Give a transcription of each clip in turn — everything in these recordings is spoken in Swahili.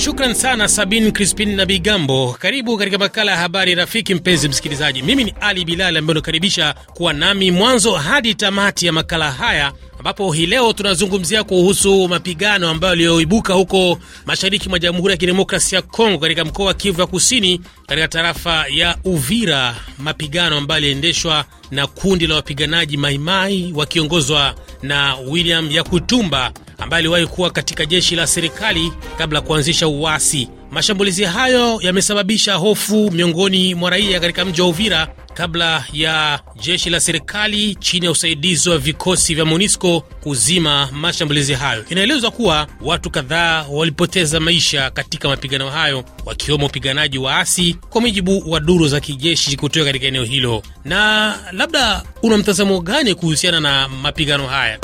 Shukran sana Sabin Crispin na Bigambo. Karibu katika makala ya habari rafiki, mpenzi msikilizaji. Mimi ni Ali Bilal ambaye unakaribisha kuwa nami mwanzo hadi tamati ya makala haya ambapo hii leo tunazungumzia kuhusu mapigano ambayo yaliyoibuka huko mashariki mwa Jamhuri ya Kidemokrasia ya Kongo, katika mkoa wa Kivu ya Kusini, katika tarafa ya Uvira, mapigano ambayo yaliendeshwa na kundi la wapiganaji Maimai wakiongozwa na William Yakutumba ambaye aliwahi kuwa katika jeshi la serikali kabla ya kuanzisha uasi. Mashambulizi hayo yamesababisha hofu miongoni mwa raia katika mji wa Uvira kabla ya jeshi la serikali chini ya usaidizi wa vikosi vya MONUSCO kuzima mashambulizi hayo. Inaelezwa kuwa watu kadhaa walipoteza maisha katika mapigano hayo, wakiwemo wapiganaji waasi, kwa mujibu wa duru za kijeshi kutoka katika eneo hilo. Na labda una mtazamo gani kuhusiana na mapigano haya?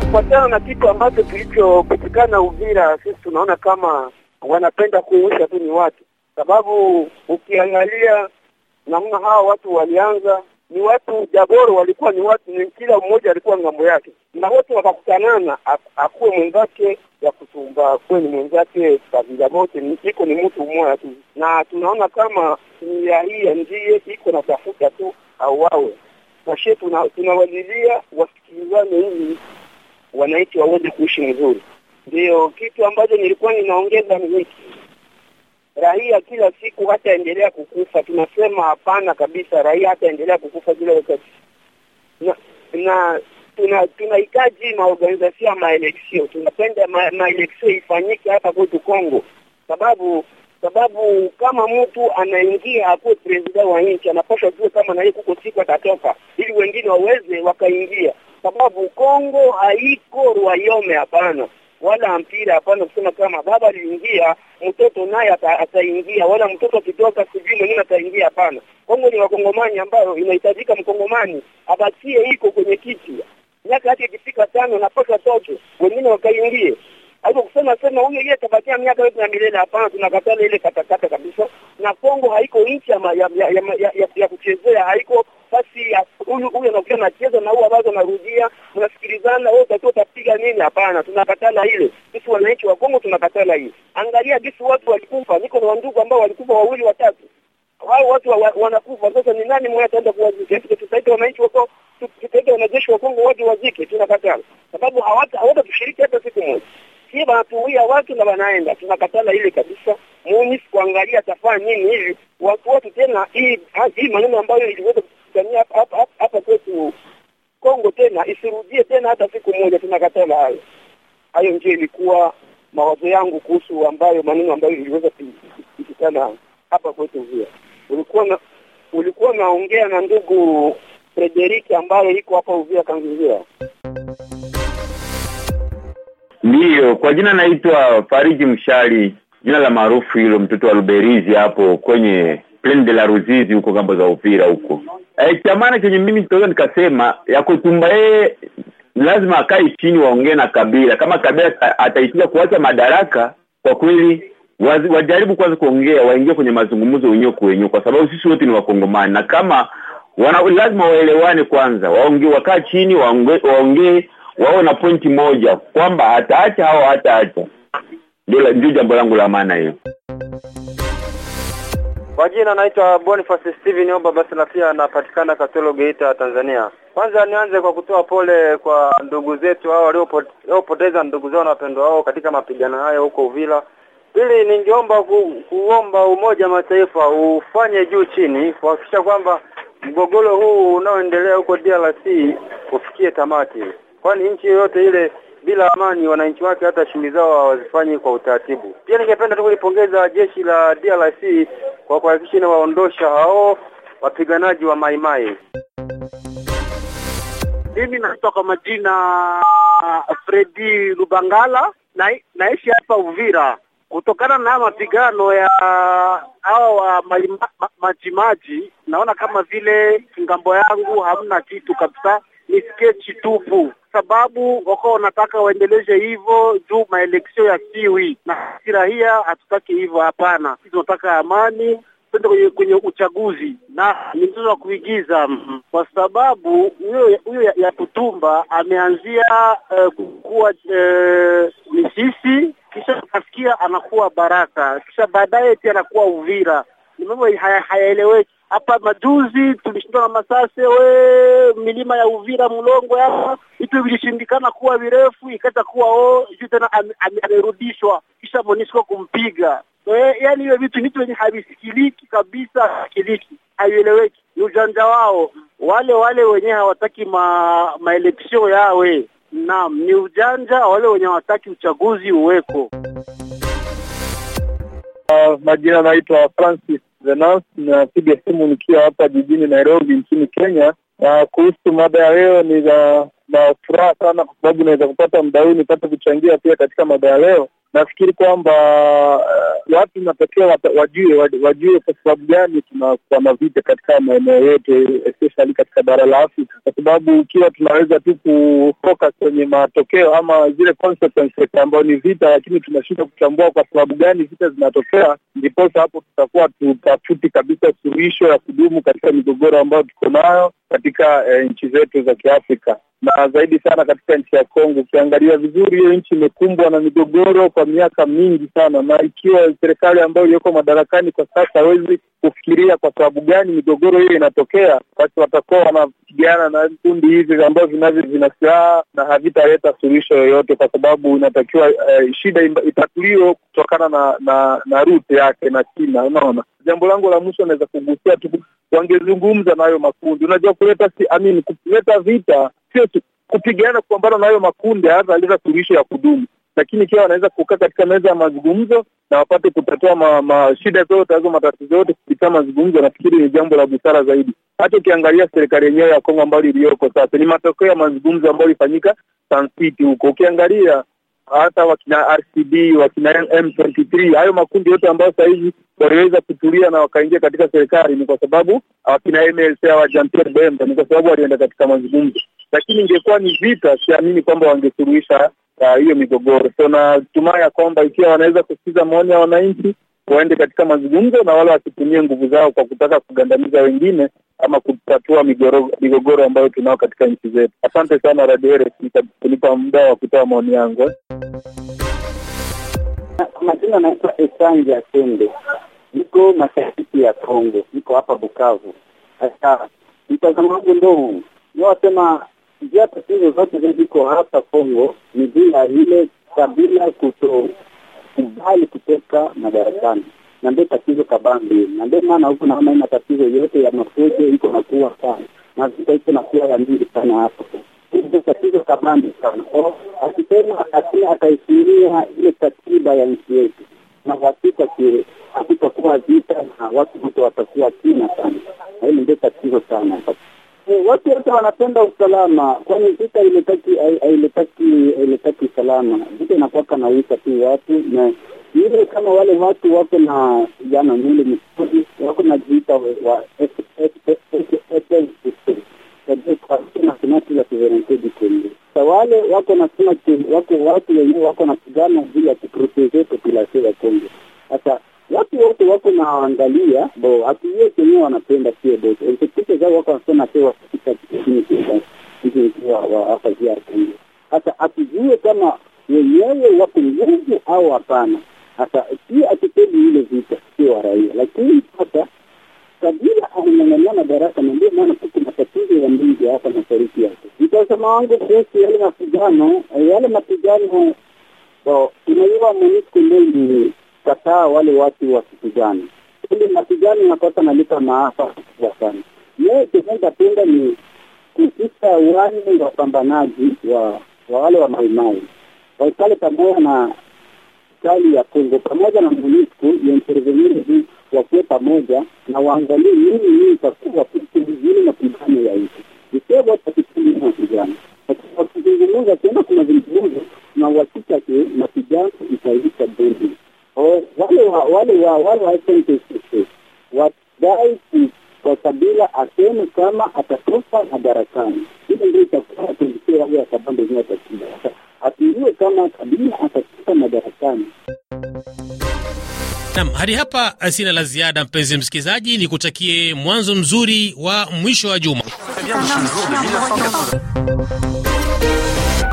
Kufuatana na kitu ambacho kilichopatikana Uvira, sisi tunaona kama wanapenda kuusha tu ni watu, sababu ukiangalia namna hawa watu walianza ni watu jaboro, walikuwa ni watu ni kila mmoja alikuwa ng'ambo yake, na wote wakakutanana, akuwe mwenzake ya kusumba kuwe ni mwenzake kabila mote, iko ni mtu mmoja tu, na tunaona kama ya hii ya ndiye iko na tafuta tu auawe. Nashe tunawalilia wasikilizane, ili wananchi waweze kuishi mzuri. Ndiyo kitu ambacho nilikuwa ninaongeza ni hiki raia kila siku hataendelea kukufa. Tunasema hapana kabisa, raia hataendelea kukufa kila wakati, na, na tunahitaji tuna maorganizasio ya maeleksio. Tunapenda maeleksio ma ifanyike hapa kwetu Kongo, sababu sababu kama mtu anaingia akuwe president wa nchi anapaswa jue kama naye kuko siku atatoka, ili wengine waweze wakaingia, sababu Kongo haiko Rwayome, hapana wala mpira hapana, kusema kama baba aliingia mtoto naye ataingia, wala mtoto akitoka sijui mwingine ataingia. Hapana, Kongo ni wakongomani ambayo inahitajika mkongomani abakie iko kwenye kiti miaka yake ikifika tano na napaka toke wengine wakaingie. Haiko kusema sema huyo yeye atabakia miaka yote na milele. Hapana, tunakatana ile katakata kabisa. Na Kongo haiko nchi ya, ya, ya, ya, ya, ya ya kuchezea, haiko basi huyu huyu anakuja nacheza na huyu ambazo anarudia, mnasikilizana wewe utakiwa Hapana, tunakatala ile sisi, wananchi wa Kongo tunakatala hiyo. Angalia jinsi watu walikufa, niko na ndugu ambao walikufa wawili watatu, hao watu wa, wa, wanakufa sasa. Ni nani mmoja ataenda kuwazika? Tutaita wananchi wako, tutaita wanajeshi wa Kongo waje wazike? Tunakatala sababu hawata hawata kushiriki hata siku moja. Sisi banatuuia watu na wanaenda, tunakatala ile kabisa. Munis kuangalia tafaa nini hivi watu watu tena, hii hii maneno ambayo iliweza kutania hapa hapa kwetu Kongo tena isirudie tena hata siku moja. Tunakatala hayo hayo. Ndio ilikuwa mawazo yangu kuhusu ambayo maneno ambayo iliweza kupitikana hapa kwetu Uvira. Ulikuwa na ulikuwa naongea na ndugu Frederik ambayo iko hapa Uvia Kanzingira. Ndiyo, kwa jina naitwa Fariji Mshali, jina la maarufu hilo, mtoto wa Luberizi hapo kwenye Plaine de la Ruzizi huko gambo za Uvira huko E, cha maana chenye mimi nitaweza nikasema ya kutumba yeye lazima akae chini waongee na Kabila. Kama Kabila ataitika kuacha madaraka, kwa kweli wajaribu kwanza kuongea, waingie kwenye mazungumzo wenyewe kwa wenyewe, kwa sababu sisi wote ni Wakongomani na kama wana, lazima waelewane kwanza, waongee, wakaa chini waongee, waongee wao na pointi moja kwamba hataacha au hataacha. Ndio jambo langu la maana hiyo. Kwa jina naitwa Boniface Steven Omba pia anapatikana Katolo Geita, Tanzania. Kwanza nianze kwa kutoa pole kwa ndugu zetu hao waliopoteza ndugu zao na wapendwa wao katika mapigano hayo huko Uvila. Pili, ningeomba ku, kuomba Umoja Mataifa ufanye juu chini kuhakikisha kwamba mgogoro huu unaoendelea huko DRC ufikie tamati, kwani nchi yoyote ile bila amani, wananchi wake hata shughuli zao hawazifanyi kwa utaratibu. Pia ningependa tu kulipongeza jeshi la DRC kwa kuhakikisha inawaondosha hao wapiganaji wa maimai. Mimi naitwa kwa majina uh, Fredi Lubangala na, naishi hapa Uvira. Kutokana na mapigano ya uh, hawa maji naona kama vile ngambo yangu hamna kitu kabisa ni skechi tupu, sababu wako wanataka waendeleze hivyo juu maeleksio ya siwi na kirahia. Hatutaki hivyo, hapana. Sisi tunataka amani tuende kwenye, kwenye uchaguzi na ni mchezo wa kuigiza mm, kwa sababu huyo huyo ya, ya Kutumba ameanzia uh, kuwa uh, eh, misisi kisha tukasikia anakuwa Baraka kisha baadaye pia anakuwa Uvira mambo hayaeleweki hapa. Majuzi tulishindwa na Masase, we milima ya Uvira Mlongwe, hapa vitu vilishindikana kuwa virefu, ikata kuwa o juu tena amerudishwa, kisha Monisco kumpiga. Eh, yani hiyo vitu vitu vyenye havisikiliki kabisa, havisikiliki, haieleweki, ni ujanja wao wale wale wenyewe hawataki ma maeleksio yawe. Naam, ni ujanja wale wenye hawataki uchaguzi uweko. Majina naitwa Francis Venas, napiga simu nikiwa hapa jijini Nairobi nchini Kenya. Na kuhusu mada ya leo, nina na furaha sana kwa sababu naweza kupata muda huu nipate kuchangia pia katika mada ya leo nafikiri kwamba uh, watu natokea wajue wajue kwa sababu gani tunakuwa na vita katika maeneo yote especially katika bara la Afrika, kwa sababu ikiwa tunaweza tu kutoka kwenye matokeo ama zile consequences ambayo ni vita, lakini tunashindwa kuchambua kwa sababu gani vita zinatokea, ndiposa hapo tutakuwa tutafuti kabisa suluhisho ya kudumu katika migogoro ambayo tuko nayo katika eh, nchi zetu za Kiafrika na zaidi sana katika nchi ya Kongo. Ukiangalia vizuri, hiyo nchi imekumbwa na migogoro kwa miaka mingi sana, na ikiwa serikali ambayo iliyoko madarakani kwa sasa hawezi kufikiria kwa sababu gani migogoro hiyo inatokea, basi watakuwa wanapigana na vikundi hivi ambavyo vinavyo vina silaha na havitaleta suluhisho yoyote, kwa sababu inatakiwa eh, shida itatuliwe kutokana na na, na rute yake na China. Unaona, jambo langu la mwisho naweza kugusia tu, wangezungumza nayo makundi, unajua kuleta si amini, kuleta vita sio kupigana kupambana na hayo makundi, hata aleta suluhisho ya kudumu, lakini kia wanaweza kukaa katika meza ya mazungumzo na wapate kutatua ma, ma, shida zote hizo matatizo yote kupitia mazungumzo. Nafikiri ni jambo la busara zaidi. Hata ukiangalia serikali yenyewe ya Kongo ambayo iliyoko sasa ni matokeo ya mazungumzo ambayo ilifanyika sansiti huko. Ukiangalia hata wakina rcb wakina m hayo makundi yote ambayo sahizi waliweza kutulia na wakaingia katika serikali ni kwa sababu wakina MLC wa Jean Pierre Bemba, ni kwa sababu walienda katika mazungumzo lakini ingekuwa ni vita, siamini kwamba wangesuluhisha uh, hiyo uh, migogoro. So natumai ya kwamba ikiwa wanaweza kusikiza maoni ya wananchi, waende katika mazungumzo na wala wasitumie nguvu zao kwa kutaka kugandamiza wengine ama kutatua migogoro ambayo tunao katika nchi zetu. Asante sana Radio RFI kunipa muda wa kutoa maoni yangu. Eh. Kwa majina anaitwa Esanja Sende, niko mashariki ya Kongo, niko hapa Bukavu. Sasa mtazamo wangu ndo huu, niwasema njia tatizo zote ziliko hapa Kongo ni juu ya ile kabila kutokubali kutoka madarakani, na ndio tatizo kabambi, na ndio maana huko naona ina tatizo yote ya mafuje iko nakuwa sana na vita iko nakuwa ya mingi sana hapo ndio tatizo kabambi sana. Akisema akila akaishiria ile katiba ya nchi yetu, na hakika hakutakuwa vita na watu wote watakuwa kina sana, na hili ndio tatizo sana. Eh, watu wote wanapenda usalama, kwani vita hailetaki ailetaki usalama. Vita inakuwaka wita tu watu na ile kama wale watu wako na jana mili msuri wako na jiita wa nationati la du Congo. Wale wako nasema wako watu wenyewe wako na kijana juu ya kuprotege population ya Congo. Hapo naangalia bo watu wote wenyewe wanapenda sie bo kucha zao wako wanasema te wakufika wa hapa ziara Kongo. hata atujue kama wenyewe wako nguvu au hapana. hata si atupendi ile vita sio wa raia, lakini sasa kabila aling'ang'ania madaraka, na ndio maana kuko matatizo ya mingi hapa mashariki yake. Mtazamo wangu kuhusu yale mapigano yale mapigano, unajua MONUSCO ndio kukataa wale watu wasipigane. Ile mapigano napata nalipa maafa kubwa sana. Yeye Kevin penda ni kutika wale wapambanaji wa wale wa maimai waikale pamoja na serikali ya Kongo pamoja na MONUSCO juu wakuwe pamoja na waangalie nini nini itakuwa na mapigano ya nchi ikiwa watu wakipinga mapigano wakizungumza tena kuna na uhakika ke mapigano itaisha bendi wale wa wale wache wadai kwa Kabila aseme kama atatoka madarakani, hili ndio itakuwa tulikia ya sababu zinatakiwa atuiwe kama Kabila atatoka madarakani. Nam, hadi hapa eh, sina la ziada, mpenzi msikilizaji, ni kutakie mwanzo mzuri wa mwisho wa juma.